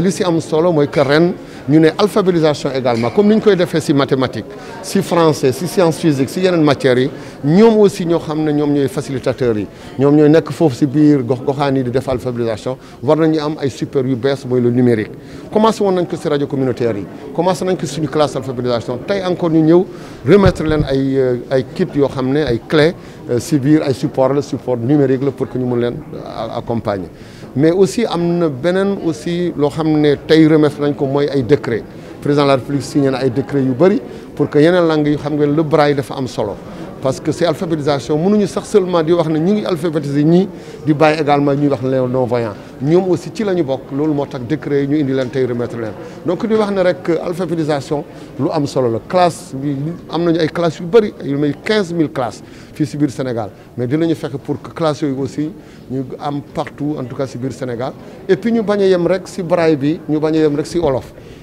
li si am solo mooy que ren nous avons alphabétisation également comme nous avons fait des mathématiques, mathématique ci français ci sciences physique ci matières nous avons aussi ñoo xam nous ñoom facilitateurs nous avons fait des foofu ci biir gox goxaan di alphabétisation war nañu am ay super yu le numérique commencé on nañ ko ci radio communautaire yi commencé nañ ko une classe alphabétisation Nous encore ñu ñëw remettre les ay euh, ay kit yoo xam clé euh, support support numérique pour que nous les euh, accompagnions. mais aussi nous avons aussi loo xam ne remettre nañ ko décret président de la république signé pour que les langues le braille parce que c'est alphabétisation seulement également non voyants Nous aussi ci nous avons décret Nous, remettre donc nous avons que l'alphabétisation, solo la classe nous avons classes yu le classes Sénégal mais pour que classes aussi partout en tout cas au Sénégal et puis nous avons braille nous olof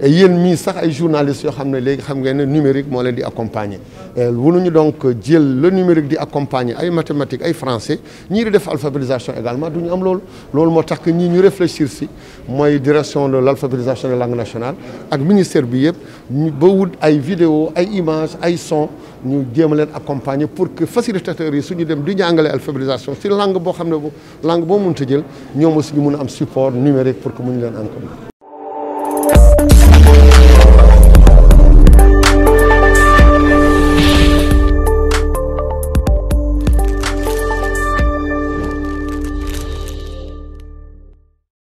et yéen mi sax ay journalistes yo xamné légui xam ngeen numérique mo leen di accompagner wunuñu donc jël le numérique di accompagner ay mathématiques ay français ñi di def alphabétisation également du am lool lool moo tax que ñu réfléchir si moy direction de l'alphabétisation de langue nationale ak ministère bi yépp ñu ba wut ay vidéo ay image ay son ñu jéem leen accompagner pour que facilitateurs yi suñu dem du jàngale alphabétisation ci langue bo xamné bo langue langue boo ta jël ñom aussi ñu am support numérique pour que mu leen accompagner